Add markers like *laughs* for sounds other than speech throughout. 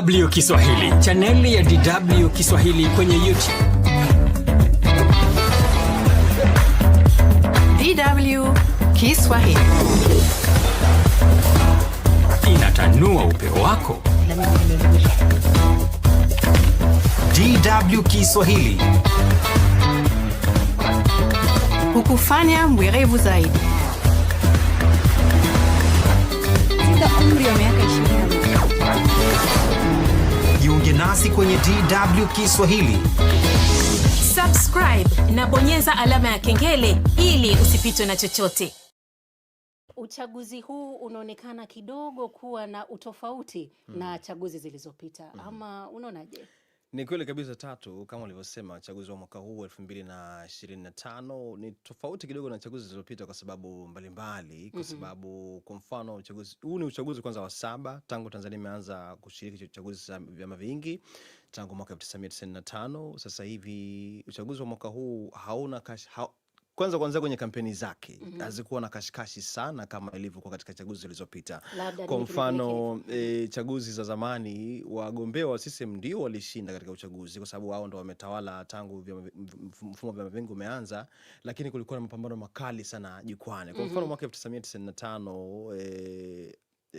DW Kiswahili, chaneli ya DW Kiswahili kwenye YouTube. DW Kiswahili inatanua upeo wako. DW Kiswahili hukufanya mwerevu zaidi. Umri wa miaka 20 nasi kwenye DW Kiswahili. Subscribe na bonyeza alama ya kengele ili usipitwe na chochote. Uchaguzi huu unaonekana kidogo kuwa na utofauti mm. na chaguzi zilizopita mm. ama unaonaje? Ni kweli kabisa. Tatu, kama ulivyosema, uchaguzi wa mwaka huu elfu mbili na ishirini na tano ni tofauti kidogo na chaguzi zilizopita kwa sababu mbalimbali, kwa mhm. sababu kwa mfano uchaguzi huu ni uchaguzi kwanza wa saba tangu Tanzania imeanza kushiriki chaguzi za vyama vingi tangu mwaka tano. Sasa hivi uchaguzi wa mwaka huu hauna kash, ha, kwanza kuanzia kwenye kampeni zake mm hazikuwa na kashikashi sana kama ilivyokuwa katika chaguzi zilizopita. Kwa mfano e, chaguzi za zamani wagombea wa CCM ndio walishinda katika uchaguzi, kwa sababu wao ndo wametawala tangu mfumo wa vyama vingi umeanza, lakini kulikuwa na mapambano makali sana jukwani. Kwa mfano mhm. mwaka 1995 e, eh,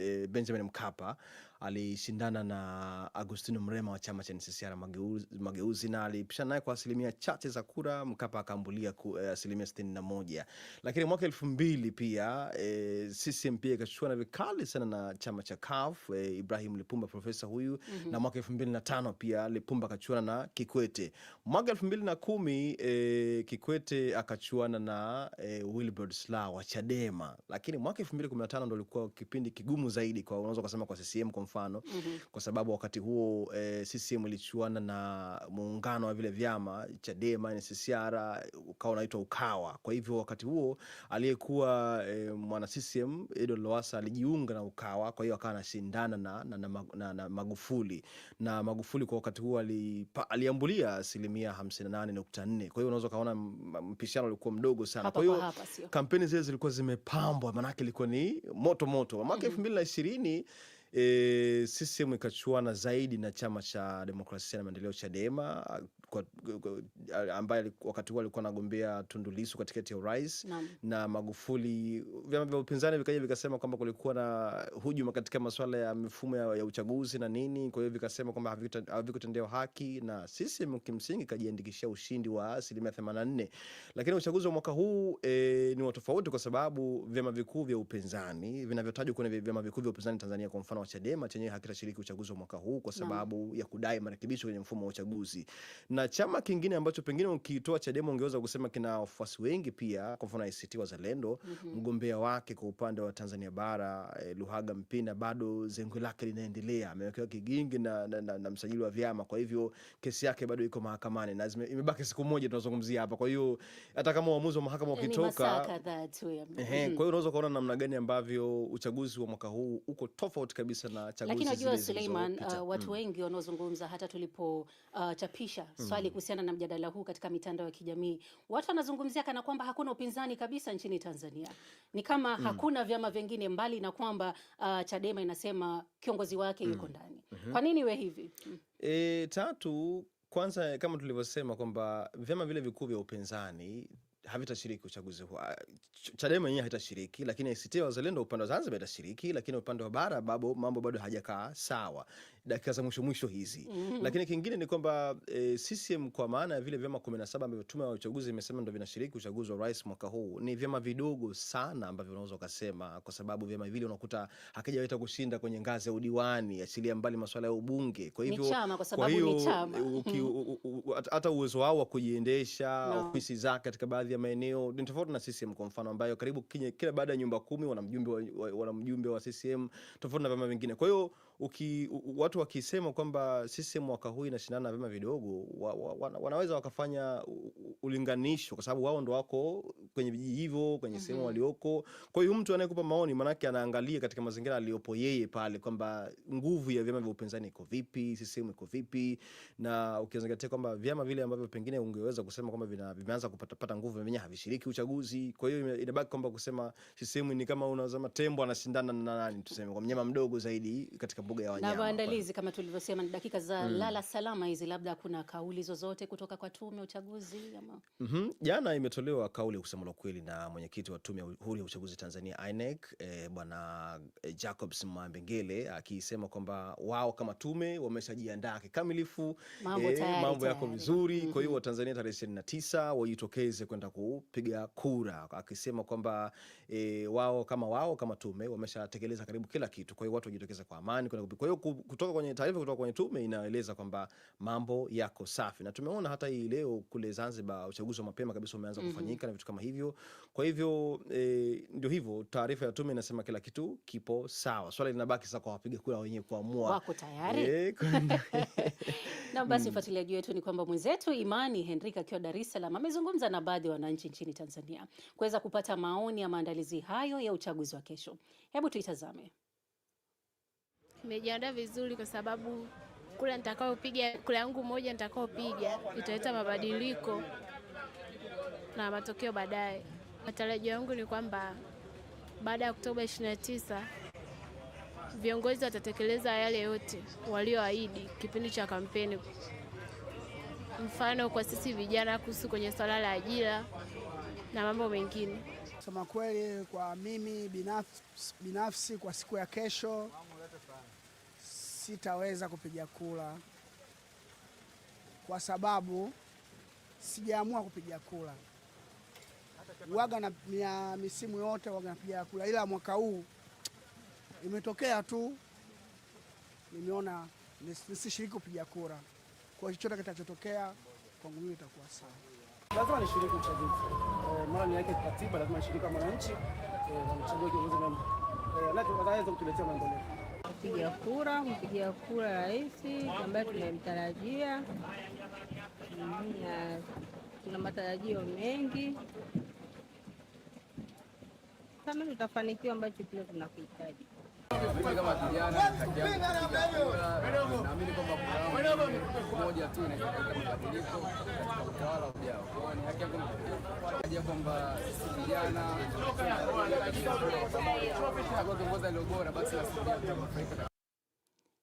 eh, Benjamin Mkapa alishindana na Agustino Mrema wa chama cha NCCR Mageuzi, Mageuzi na alipishana naye kwa asilimia chache za kura. Mkapa akaambulia eh, asilimia sitini na moja, lakini mwaka elfu mbili pia e, eh, CCM pia na vikali sana na chama cha CUF e, eh, Ibrahim Lipumba profesa huyu mm -hmm. na mwaka elfu mbili na tano pia Lipumba akachuana na Kikwete. Mwaka elfu mbili na kumi e, Kikwete akachuana na e, Wilbert Slaa wa Chadema, lakini mwaka elfu mbili kumi na tano ndo ulikuwa kipindi kigumu zaidi kwa unaweza ukasema kwa CCM kwa mfano mm -hmm. kwa sababu wakati huo e, eh, CCM ilichuana na muungano wa vile vyama Chadema, CCR ukawa unaitwa Ukawa. Kwa hivyo wakati huo aliyekuwa e, mwana CCM Edward Lowassa alijiunga na Ukawa, kwa hiyo akawa anashindana na, na, na, na, na Magufuli na Magufuli kwa wakati huo ali, aliambulia asilimia 58.4. Kwa hiyo unaweza ukaona mpishano ulikuwa mdogo sana. Kwa hiyo kampeni zile zilikuwa zimepambwa, maanake ilikuwa ni moto moto mwaka mhm. elfu mbili na ishirini Eh, e, CCM ikachuana zaidi na chama cha demokrasia na maendeleo Chadema ambaye wakati huo alikuwa anagombea Tundu Lissu kwa tiketi ya urais na, Magufuli. Vyama vya upinzani vikaja vikasema kwamba kulikuwa na hujuma katika masuala ya mifumo ya, ya uchaguzi na nini, kwa hiyo vikasema kwamba havikutendewa haki, na sisi kimsingi kajiandikishia ushindi wa asilimia 84, lakini uchaguzi wa mwaka huu e, ni wa tofauti kwa sababu vyama vikuu vya upinzani vinavyotajwa kwenye vyama vikuu vya upinzani Tanzania, kwa mfano wa Chadema chenyewe hakitashiriki uchaguzi wa mwaka huu kwa sababu na, ya kudai marekebisho kwenye mfumo wa uchaguzi na na chama kingine ambacho pengine ukitoa Chadema ungeweza kusema kina wafuasi wengi pia, kwa mfano ACT Wazalendo, mhm. mgombea mm -hmm. wake kwa upande wa Tanzania Bara e, Luhaga Mpina bado zengwe lake linaendelea, amewekewa kigingi na, na, na, na msajili wa vyama. Kwa hivyo kesi yake bado iko mahakamani na imebaki siku moja tunazungumzia hapa. Kwa hiyo hata kama uamuzi wa mahakama ukitoka, mhm. kwa hiyo unaweza kuona namna gani ambavyo uchaguzi wa mwaka huu uko tofauti kabisa na chaguzi zilizopita. Lakini najua Suleiman, uh, watu mm. wengi wanaozungumza hata tulipochapisha uh, maswali kuhusiana na mjadala huu katika mitandao ya kijamii. Watu wanazungumzia kana kwamba hakuna upinzani kabisa nchini Tanzania, ni kama mm. hakuna vyama vingine, mbali na kwamba uh, Chadema inasema kiongozi wake yuko mm. ndani mm -hmm. Kwa nini we hivi? mm. E, tatu kwanza, kama tulivyosema kwamba vyama vile vikuu vya upinzani havitashiriki uchaguzi huu. Chadema yenyewe haitashiriki, lakini ACT Wazalendo upande wa Zanzibar itashiriki, lakini upande wa bara babo, mambo bado hajakaa sawa dakika za mwisho mwisho hizi mm -hmm. Lakini kingine ni kwamba e, eh, CCM kwa maana ya vile vyama 17 ambavyo tume ya uchaguzi imesema ndio vinashiriki uchaguzi wa rais mwaka huu ni vyama vidogo sana ambavyo unaweza ukasema, kwa sababu vyama vile unakuta hakijaweza kushinda kwenye ngazi ya udiwani, achilia mbali masuala ya ubunge. Kwa hivyo kwa hiyo hata uwezo wao wa kujiendesha no. ofisi zake katika baadhi ya maeneo ni tofauti na CCM kwa mfano, ambayo karibu kila baada ya nyumba kumi wana mjumbe wa, wa, wa CCM tofauti na vyama vingine, kwa hiyo uki, u, watu wakisema kwamba sisi mwaka huu inashindana na vyama vidogo wa, wa, wa, wanaweza wakafanya ulinganisho kwa sababu wao ndo wako kwenye vijiji hivyo kwenye mm -hmm. sehemu mhm. walioko. Kwa hiyo mtu anayekupa maoni manake anaangalia katika mazingira aliyopo yeye pale kwamba nguvu ya vyama vya upinzani iko vipi, CCM iko vipi, na ukizingatia kwamba vyama vile ambavyo pengine ungeweza kusema kwamba vimeanza kupata pata nguvu vyenyewe havishiriki uchaguzi. Kwa hiyo inabaki kwamba kusema CCM ni kama unasema tembo anashindana na nani, tuseme kwa mnyama mdogo zaidi katika katika mbuga ya wanyama. Na waandalizi kama tulivyosema ni dakika za mm. lala salama hizi, labda kuna kauli zozote kutoka kwa tume ya uchaguzi ama? mm -hmm. Jana imetolewa kauli ya kusema la kweli na mwenyekiti wa tume ya huru ya uchaguzi Tanzania INEC, e, bwana e, Jacobs Mambengele akisema kwamba wao kama tume wameshajiandaa kikamilifu, mambo e, mambo yako vizuri mm -hmm. kwa mhm. hiyo Watanzania tarehe ishirini na tisa wajitokeze kwenda kupiga kura, akisema kwamba e, wao kama wao kama tume wameshatekeleza karibu kila kitu, kwa hiyo watu wajitokeze kwa amani kwenda kupika. Kwa hiyo kutoka kwenye taarifa kutoka kwenye tume inaeleza kwamba mambo yako safi, na tumeona hata hii leo kule Zanzibar uchaguzi wa mapema kabisa umeanza mm -hmm. kufanyika na vitu kama hivyo. Kwa hivyo e, ndio hivyo, taarifa ya tume inasema kila kitu kipo sawa. Swali linabaki sasa kwa wapiga kura wenyewe kuamua wako tayari e, *laughs* na basi mm. mfuatiliaji wetu ni kwamba mwenzetu Imani Henrika akiwa Dar es Salaam amezungumza na baadhi ya wananchi nchini Tanzania kuweza kupata maoni ya maandalizi hayo ya uchaguzi wa kesho. Hebu tuitazame. Nimejiandaa vizuri kwa sababu kula nitakayopiga kula yangu moja nitakayopiga italeta mabadiliko na matokeo baadaye. Matarajio yangu ni kwamba baada ya Oktoba 29 viongozi watatekeleza yale yote walioahidi kipindi cha kampeni. Mfano kwa sisi vijana kuhusu kwenye swala la ajira na mambo mengine. Kusema kweli, kwa mimi binafsi, binafsi kwa siku ya kesho sitaweza kupiga kura kwa sababu sijaamua kupiga kura. Waga na mia misimu yote waga napiga kura, ila mwaka huu imetokea tu nimeona nisishiriki kupiga kura. Kwa chochote kitachotokea kwangu mimi itakuwa sawa. Lazima nishiriki uchaguzi, eh, mara ni yake katiba, lazima nishiriki kama mwananchi eh, na mchague kiongozi mwema anayeweza eh, kutuletea maendeleo kupiga kura, kupigia kura rais ambaye tumemtarajia na mm-hmm. tuna matarajio mengi kama tutafanikiwa ambacho pia tunakuhitaji Mimi kama kijana naamini kwamba moja tu mabadiliko katika utawala ujao. Kwa ni haki yangu kwamba viongozi basi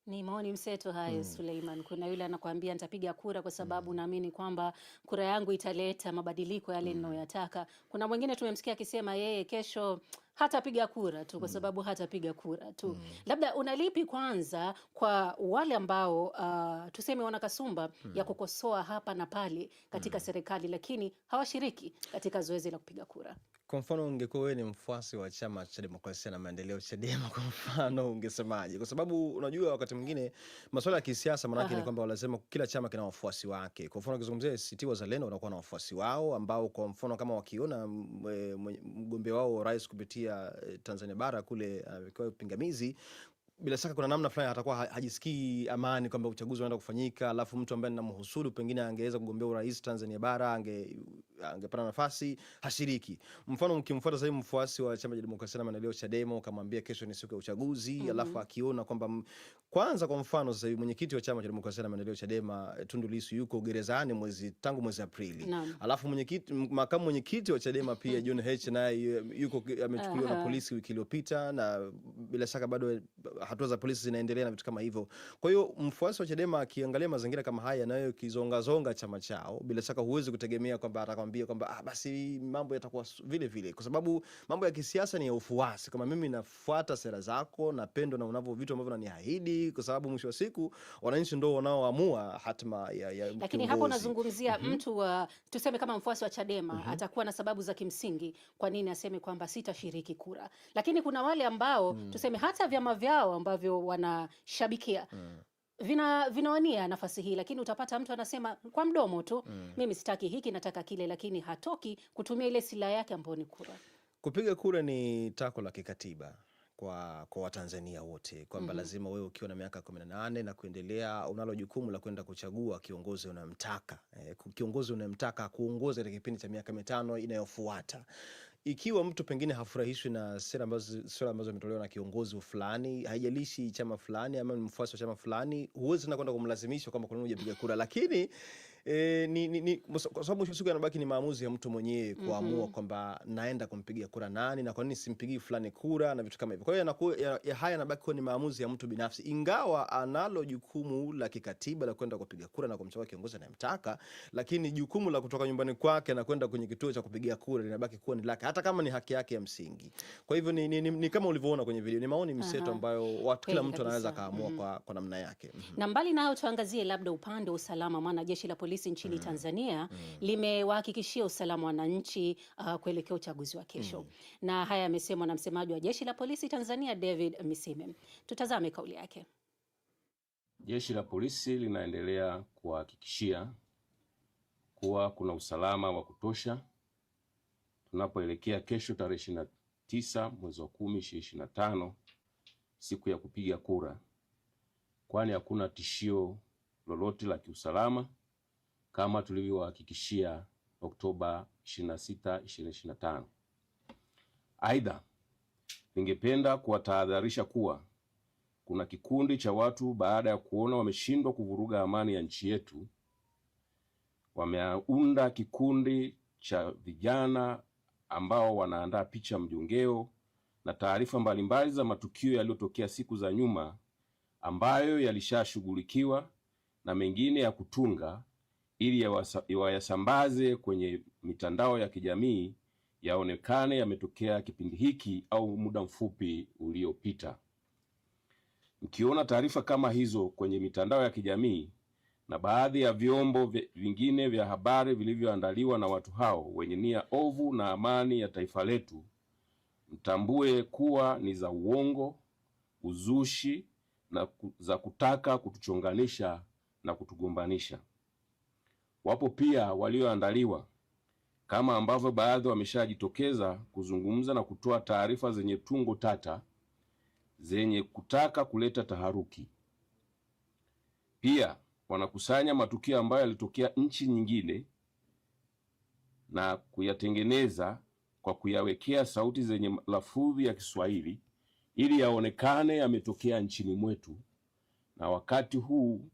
ni maoni mseto hayo hmm. Suleiman, kuna yule anakuambia nitapiga kura kwa sababu naamini kwamba kura yangu italeta mabadiliko yale hmm. ninayoyataka. hmm. Kuna mwingine tumemsikia akisema yeye kesho hatapiga kura tu kwa hmm. sababu hatapiga kura tu. mm. Labda unalipi kwanza kwa wale ambao uh, tuseme wana kasumba mm. ya kukosoa hapa na pale katika mm. serikali, lakini hawashiriki katika zoezi la kupiga kura? Kwa mfano ungekuwa wewe ni mfuasi wa chama cha demokrasia na maendeleo CHADEMA, kwa mfano ungesemaje? Kwa sababu unajua wakati mwingine masuala ya kisiasa maanake ni kwamba lazima kila chama kina wafuasi wake. Kwa mfano ukizungumzia ACT Wazalendo wanakuwa na wafuasi wao ambao kwa mfano kama wakiona mgombea wao wa rais kupitia eh, Tanzania bara kule uh, pingamizi bila shaka kuna namna fulani atakuwa hajisikii amani kwamba uchaguzi unaenda kufanyika, alafu mtu ambaye namhusudu pengine angeweza kugombea urais Tanzania bara ange angepata nafasi hashiriki. Mfano, mkimfuata sasa mfuasi wa chama cha demokrasia na maendeleo Chadema, ukamwambia kesho ni siku ya uchaguzi mm -hmm. alafu akiona kwamba kwanza, kwa mfano sasa mwenyekiti wa chama cha demokrasia na maendeleo Chadema Tundu Lissu yuko gerezani mwezi tangu mwezi Aprili no. alafu mwenyekiti makamu mwenyekiti wa Chadema pia mhm. John Heche naye yuko amechukuliwa uh -huh. na polisi wiki iliyopita, na bila shaka bado hatua za polisi zinaendelea na vitu kama hivyo. Kwa hiyo mfuasi wa Chadema akiangalia mazingira kama haya, nayo kizongazonga chama chao, bila shaka huwezi kutegemea kwamba atakwambia kuambia kwamba ah, basi mambo yatakuwa vile vile, kwa sababu mambo ya kisiasa ni ya ufuasi. Kama mimi nafuata sera zako, napendwa na unavyo vitu ambavyo unaniahidi, kwa sababu mwisho wa siku wananchi ndio wanaoamua hatma ya, ya lakini hapo unazungumzia mm -hmm. mtu wa tuseme kama mfuasi wa Chadema mm -hmm. atakuwa na sababu za kimsingi kwa nini aseme kwamba sitashiriki kura, lakini kuna wale ambao mm. tuseme hata vyama vyao ambavyo wanashabikia mm vina vinawania nafasi hii, lakini utapata mtu anasema kwa mdomo tu mm. mimi sitaki hiki, nataka kile, lakini hatoki kutumia ile silaha yake ambayo ni kura. Kupiga kura ni tako la kikatiba kwa kwa Watanzania wote kwamba mm -hmm. lazima wewe ukiwa na miaka kumi na nane na kuendelea unalo jukumu la kwenda kuchagua kiongozi unamtaka, eh, kiongozi unamtaka kuongoza katika kipindi cha miaka mitano inayofuata ikiwa mtu pengine hafurahishwi na sera ambazo sera ambazo ametolewa na kiongozi fulani, haijalishi chama fulani ama mfuasi wa chama fulani, huwezi na kwenda kumlazimisha kwamba kwa nini hujapiga kura, lakini e, ni, ni, ni, kwa sababu mwisho siku yanabaki ni maamuzi ya mtu mwenyewe kuamua mm -hmm. kwamba naenda kumpigia kura nani na kwa nini simpigii fulani kura na vitu kama hivyo. Kwa hiyo ya, ya haya yanabaki kuwa ni maamuzi ya mtu binafsi, ingawa analo jukumu la kikatiba la kwenda kupiga kura na kumchagua kiongozi anayemtaka, lakini jukumu la kutoka nyumbani kwake na kwenda kwenye kituo cha kupigia kura linabaki kuwa ni lake, hata kama ni haki yake ya msingi. Kwa hivyo ni, ni, ni, ni kama ulivyoona kwenye video, ni maoni mseto ambayo watu kila mtu anaweza kaamua mm -hmm. kwa, kwa namna yake mm -hmm. na mbali na hayo tuangazie labda upande wa usalama, maana jeshi la polisi polisi nchini mm. Tanzania mm. limewahakikishia usalama wananchi uh, kuelekea uchaguzi wa kesho mm. na haya yamesemwa na msemaji wa jeshi la polisi Tanzania David Misime. Tutazame kauli yake. Jeshi la polisi linaendelea kuwahakikishia kuwa kuna usalama wa kutosha tunapoelekea kesho tarehe 29 mwezi wa 10 2025, siku ya kupiga kura, kwani hakuna tishio lolote la kiusalama kama tulivyowahakikishia Oktoba 26, 2025. Aidha, ningependa kuwatahadharisha kuwa kuna kikundi cha watu baada ya kuona wameshindwa kuvuruga amani ya nchi yetu, wameunda kikundi cha vijana ambao wanaandaa picha mjongeo na taarifa mbalimbali za matukio yaliyotokea siku za nyuma ambayo yalishashughulikiwa na mengine ya kutunga ili wayasambaze kwenye mitandao ya kijamii yaonekane yametokea kipindi hiki au muda mfupi uliopita. Mkiona taarifa kama hizo kwenye mitandao ya kijamii na baadhi ya vyombo vingine vya habari vilivyoandaliwa na watu hao wenye nia ovu na amani ya taifa letu, mtambue kuwa ni za uongo, uzushi na za kutaka kutuchonganisha na kutugombanisha. Wapo pia walioandaliwa kama ambavyo baadhi wameshajitokeza kuzungumza na kutoa taarifa zenye tungo tata zenye kutaka kuleta taharuki. Pia wanakusanya matukio ambayo yalitokea nchi nyingine na kuyatengeneza kwa kuyawekea sauti zenye lafudhi ya Kiswahili ili yaonekane yametokea nchini mwetu, na wakati huu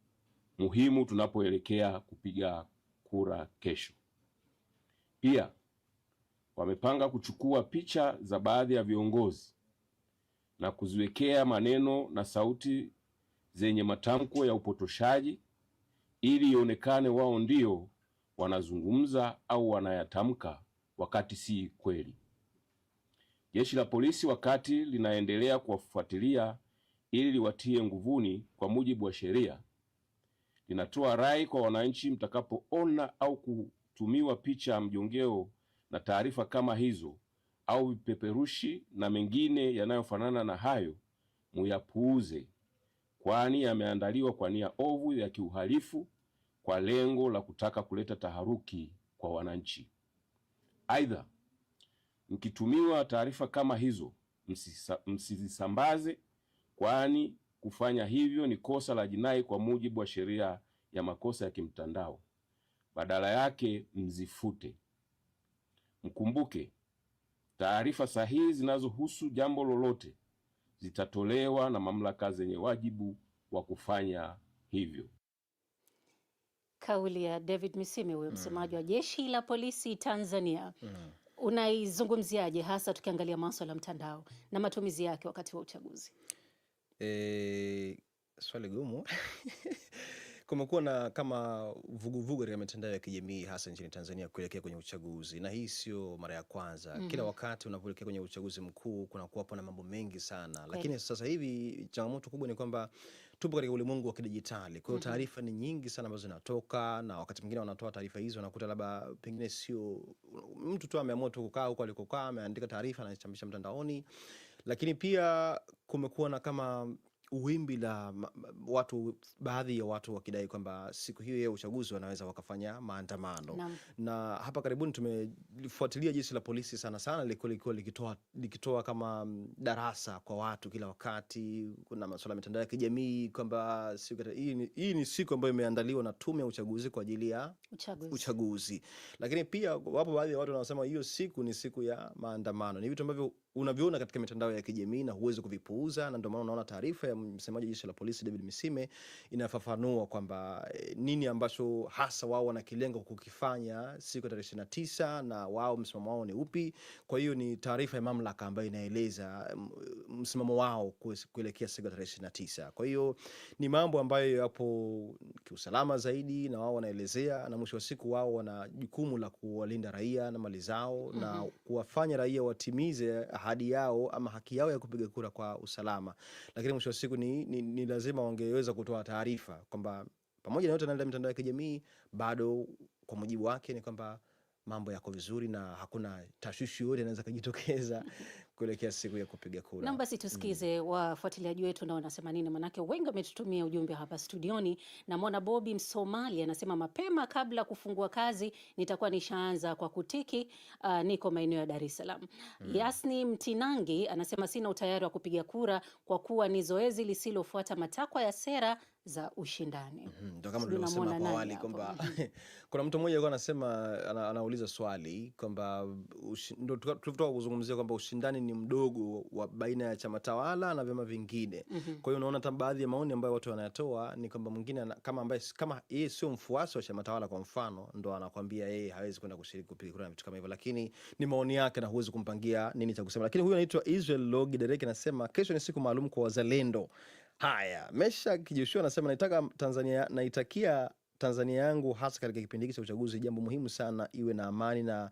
muhimu tunapoelekea kupiga kura kesho. Pia wamepanga kuchukua picha za baadhi ya viongozi na kuziwekea maneno na sauti zenye matamko ya upotoshaji ili ionekane wao ndio wanazungumza au wanayatamka wakati si kweli. Jeshi la polisi wakati linaendelea kuwafuatilia ili liwatie nguvuni kwa mujibu wa sheria, linatoa rai kwa wananchi, mtakapoona au kutumiwa picha ya mjongeo na taarifa kama hizo au vipeperushi na mengine yanayofanana na hayo, muyapuuze, kwani yameandaliwa kwa nia ovu ya kiuhalifu kwa lengo la kutaka kuleta taharuki kwa wananchi. Aidha, mkitumiwa taarifa kama hizo msizisambaze, kwani Kufanya hivyo ni kosa la jinai kwa mujibu wa sheria ya makosa ya kimtandao. Badala yake mzifute. Mkumbuke, taarifa sahihi zinazohusu jambo lolote zitatolewa na mamlaka zenye wajibu wa kufanya hivyo. Kauli ya David Misimi, huyo msemaji wa mm. jeshi la polisi Tanzania, mm. unaizungumziaje hasa tukiangalia maswala ya mtandao na matumizi yake wakati wa uchaguzi? E, swali gumu *laughs* kumekuwa na kama vuguvugu katika mitandao ya kijamii hasa nchini Tanzania kuelekea kwenye uchaguzi, na hii sio mara ya kwanza. mm -hmm. Kila wakati unapoelekea kwenye uchaguzi mkuu kunakuwapo na mambo mengi sana Kwele. Lakini sasa hivi changamoto kubwa ni kwamba tupo katika ulimwengu wa kidijitali, kwa hiyo mm-hmm. taarifa ni nyingi sana ambazo zinatoka, na wakati mwingine wanatoa taarifa hizo unakuta labda pengine sio mtu tu ameamua tu kukaa huko alikokaa ameandika taarifa anaichambisha mtandaoni lakini pia kumekuwa na kama wimbi la watu, baadhi ya watu wakidai kwamba siku hiyo ya uchaguzi wanaweza wakafanya maandamano na, na hapa karibuni tumefuatilia jeshi la polisi sana sana lilikuwa likiwa likitoa, likitoa kama darasa kwa watu kila wakati. Kuna masuala ya mitandao ya kijamii kwamba hii, hii ni siku ambayo imeandaliwa na tume ya uchaguzi kwa ajili ya uchaguzi, uchaguzi. Lakini pia wapo baadhi ya watu wanaosema hiyo siku ni siku ya maandamano. Ni vitu ambavyo unavyoona katika mitandao ya kijamii na huwezi kuvipuuza, na ndio maana unaona taarifa ya msemaji wa jeshi la polisi David Misime inafafanua kwamba e, nini ambacho hasa wao wanakilenga kukifanya siku ya tarehe ishirini na tisa na wao msimamo wao ni upi. Kwa hiyo ni taarifa ya mamlaka ambayo inaeleza mm, msimamo wao kuelekea siku ya tarehe ishirini na tisa. Kwa hiyo ni mambo ambayo yapo kiusalama zaidi, na wao wanaelezea, na mwisho wa siku wao wana jukumu la kuwalinda raia na mali zao mm -hmm. na mm-hmm. kuwafanya raia watimize ahadi yao ama haki yao ya kupiga kura kwa usalama, lakini mwisho wa siku ni, ni, ni lazima wangeweza kutoa taarifa kwamba pamoja na yote anaenda mitandao ya kijamii bado kwa mujibu wake ni kwamba mambo yako vizuri na hakuna tashwishi yoyote inaweza kujitokeza *laughs* kuelekea siku ya kupiga kura. Na basi tusikize mm. wafuatiliaji wetu nao wanasema nini, manake wengi wametutumia ujumbe hapa studioni. Namwona Bobi Msomali anasema mapema kabla kufungua kazi nitakuwa nishaanza kwa kutiki. Uh, niko maeneo ya Dar es Salaam. mm. Yasni Mtinangi anasema sina utayari wa kupiga kura kwa kuwa ni zoezi lisilofuata matakwa ya sera za ushindani. mm -hmm. Kama tulivyosema hapo awali kwamba mm-hmm. *laughs* kuna mtu mmoja alikuwa anasema anauliza swali kwamba ndio tulivyotoka kuzungumzia kwamba ushindani ni mdogo wa baina ya chama tawala na vyama vingine. mm -hmm. Kwa hiyo unaona hata baadhi ya maoni ambayo watu wanayatoa ni kwamba mwingine kama ambaye kama yeye sio mfuasi wa chama tawala kwa mfano, ndo anakwambia yeye hawezi kwenda kushiriki kupiga kura na vitu kama hivyo, lakini ni maoni yake na huwezi kumpangia nini cha kusema. Lakini huyu anaitwa Israel Logi Derek anasema kesho ni siku maalum kwa wazalendo. Haya, Mesha Kijoshua anasema naitaka Tanzania, naitakia Tanzania yangu hasa katika kipindi hiki cha uchaguzi, jambo muhimu sana, iwe na amani na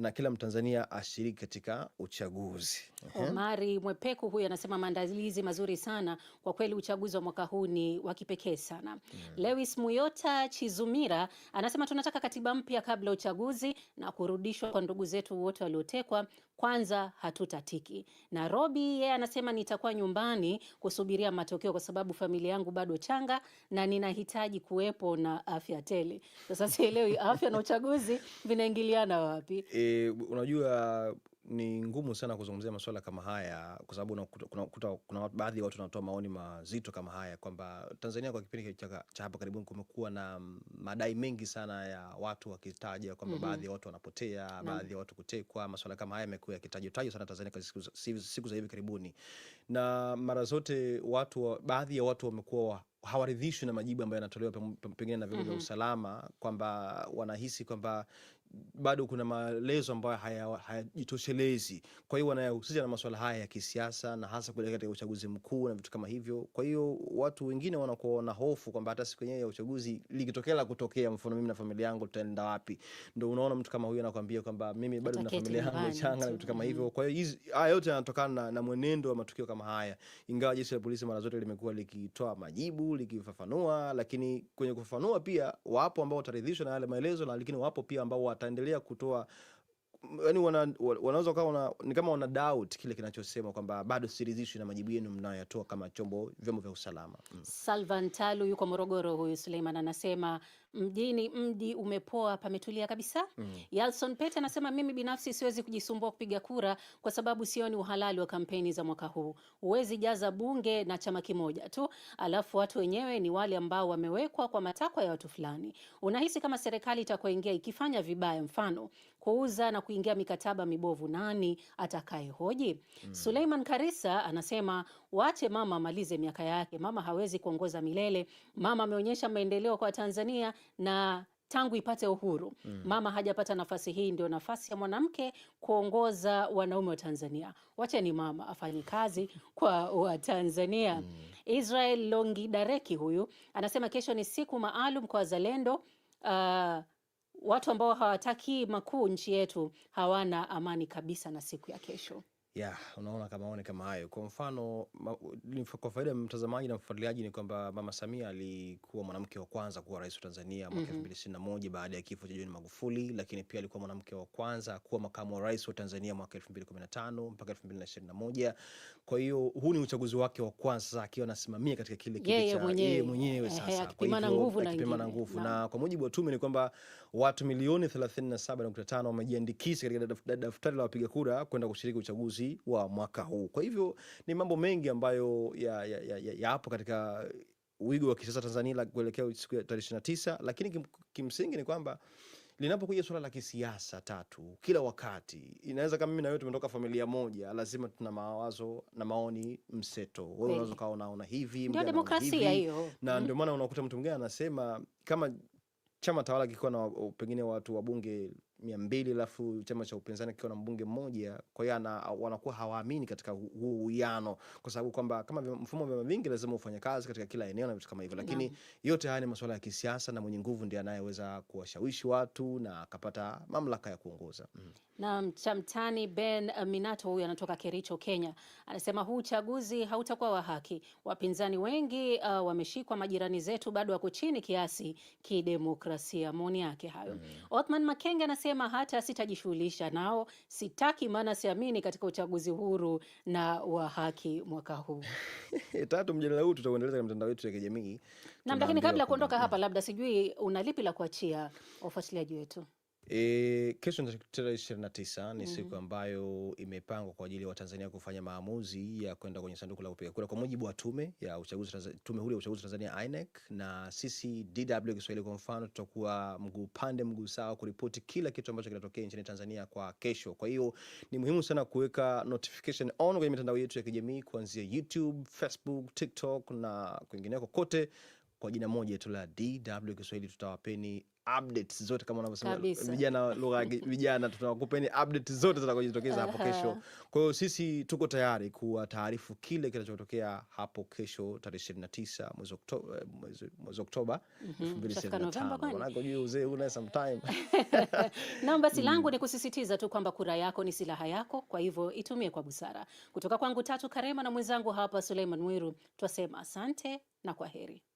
na kila Mtanzania ashiriki katika uchaguzi. Mhm. Omari Mwepeku huyu anasema maandalizi mazuri sana kwa kweli, uchaguzi wa mwaka huu ni wa kipekee sana. mm. Lewis Muyota Chizumira anasema tunataka katiba mpya kabla uchaguzi na kurudishwa kwa ndugu zetu wote waliotekwa, kwanza hatutatiki. Na Robi yeye anasema nitakuwa nyumbani kusubiria matokeo kwa sababu familia yangu bado changa na ninahitaji kuwepo na afya tele. Sasa sielewi afya na uchaguzi vinaingiliana wapi? E, unajua ni ngumu sana kuzungumzia masuala kama haya kwa sababu kuna, kuna, baadhi ya watu wanatoa maoni mazito kama haya kwamba Tanzania kwa kipindi cha hapa karibuni kumekuwa na madai mengi sana ya watu wakitaja kwamba mm -hmm. baadhi ya watu wanapotea na baadhi ya watu kutekwa. Masuala kama haya yamekuwa yakitajwa tajwa sana Tanzania kwa siku, siku za hivi karibuni, na mara zote watu, baadhi ya watu wamekuwa hawaridhishwi na majibu ambayo yanatolewa pengine na vyombo vya mm -hmm. usalama kwamba wanahisi kwamba bado kuna maelezo ambayo hayajitoshelezi haya. Kwa hiyo wanayahusisha na masuala haya ya kisiasa na hasa kuelekea katika uchaguzi mkuu na vitu kama hivyo. Kwa hiyo watu wengine wanakuwa na hofu kwamba hata siku yenyewe ya uchaguzi likitokea la kutokea, mfano mimi na familia yangu tutaenda wapi? Ndo unaona mtu kama huyu anakuambia kwamba mimi bado na familia yangu changa na vitu kama mm-hmm. hivyo. Kwa hiyo haya yote yanatokana na, na mwenendo wa matukio kama haya, ingawa jeshi la polisi mara zote limekuwa likitoa majibu likifafanua, lakini kwenye kufafanua pia wapo ambao wataridhishwa na yale maelezo, lakini wapo pia ambao wataendelea kutoa yani wana, wanaweza kawa wana, ni kama wana doubt kile kinachosema kwamba bado siridhishwi na majibu yenu mnayoyatoa kama chombo vyombo vya usalama mm. Salvantalu yuko Morogoro, huyu Suleiman anasema mjini mji umepoa, pametulia kabisa. mm. Yalson Pete anasema mimi binafsi siwezi kujisumbua kupiga kura kwa sababu sioni uhalali wa kampeni za mwaka huu. Huwezi jaza bunge na chama kimoja tu, alafu watu wenyewe ni wale ambao wamewekwa kwa matakwa ya watu fulani. Unahisi kama serikali itakoingia ikifanya vibaya, mfano kuuza na kuingia mikataba mibovu, nani atakayehoji? mm. Suleiman Karisa anasema wache mama amalize miaka yake. Mama hawezi kuongoza milele. Mama ameonyesha maendeleo kwa Tanzania na tangu ipate uhuru mm. Mama hajapata nafasi hii. Ndio nafasi ya mwanamke kuongoza wanaume wa Tanzania. wacha ni mama afanye kazi *laughs* kwa Watanzania mm. Israel Longidareki huyu anasema kesho ni siku maalum kwa wazalendo uh, watu ambao hawataki makuu nchi yetu hawana amani kabisa na siku ya kesho Yeah, unaona kama maoni kama hayo. Kwa mfano ma, kwa faida ya mtazamaji na mfuatiliaji ni kwamba Mama Samia alikuwa mwanamke wa kwanza kuwa rais wa Tanzania mwaka 2021 mm-hmm. baada ya kifo cha John Magufuli, lakini pia alikuwa mwanamke wa kwanza kuwa makamu wa rais wa Tanzania mwaka 2015 mpaka 2021. Kwa hiyo huu ni uchaguzi wake wa kwanza sasa akiwa anasimamia katika kile kile cha yeye mwenyewe sasa, akipimana nguvu na nguvu, na kwa mujibu wa tume ni kwamba watu milioni 37.5 wamejiandikisha katika daftari la wapiga kura kwenda kushiriki uchaguzi uchaguzi wa mwaka huu. Kwa hivyo ni mambo mengi ambayo yapo ya, ya, ya, ya katika wigo wa kisiasa Tanzania kuelekea siku ya tarehe 29, lakini kim, kimsingi ni kwamba linapokuja suala la kisiasa tatu, kila wakati inaweza kama mimi na wewe tumetoka familia moja, lazima tuna mawazo na maoni mseto. Wewe unaweza kawa unaona hivi, ndio demokrasia hiyo, na ndio mm-hmm. maana unakuta mtu mwingine anasema kama chama tawala kikiwa na pengine watu wa bunge mia mbili alafu chama cha upinzani kikiwa na mbunge mmoja. Kwa hiyo wanakuwa hawaamini katika huu uwiano, kwa sababu kwamba kama mfumo wa vyama vingi lazima ufanye kazi katika kila eneo na vitu kama hivyo, lakini na yote haya ni masuala ya kisiasa, na mwenye nguvu ndiye anayeweza kuwashawishi watu na akapata mamlaka ya kuongoza mm. Na mchamtani Ben Minato huyu anatoka Kericho, Kenya, anasema huu uchaguzi hautakuwa wa haki. Wapinzani wengi uh, wameshikwa, majirani zetu bado wako chini kiasi kidemokrasia. Maoni yake hayo mm. Othman Makenge anasema amesema hata sitajishughulisha nao, sitaki, maana siamini katika uchaguzi huru na wa haki mwaka huu. *laughs* Tatu, mjadala huu tutauendeleza katika mtandao wetu wa kijamii. na lakini kabla ya kuondoka hapa, labda sijui una lipi la kuachia wafuatiliaji wetu? E, kesho tarehe ishirini na tisa ni mm -hmm. siku ambayo imepangwa kwa ajili ya Watanzania kufanya maamuzi ya kwenda kwenye sanduku la kupiga kura kwa mujibu wa tume ya uchaguzi, tume huru ya uchaguzi Tanzania INEC, na sisi DW Kiswahili kwa mfano tutakuwa mguu pande mguu sawa kuripoti kila kitu ambacho kinatokea nchini Tanzania kwa kesho. Kwa hiyo ni muhimu sana kuweka notification on kwenye mitandao yetu ya kijamii kuanzia YouTube, Facebook, TikTok na kwingineko kote kwa jina moja tu la DW Kiswahili tutawapeni updates zote kama unavyosema vijana lugha *laughs* vijana, tunakupeni updates zote zitakazojitokeza hapo kesho. Kwa hiyo sisi tuko tayari kuwa taarifu kile kinachotokea hapo kesho tarehe 29 eh, mwezi Oktoba, mwezi Oktoba 2025. Manako juu uzee una sometime. *laughs* Na basi mm. langu ni kusisitiza tu kwamba kura yako ni silaha yako, kwa hivyo itumie kwa busara. Kutoka kwangu Tatu Karema na mwenzangu hapa Suleiman Mwiru, twasema asante na kwaheri.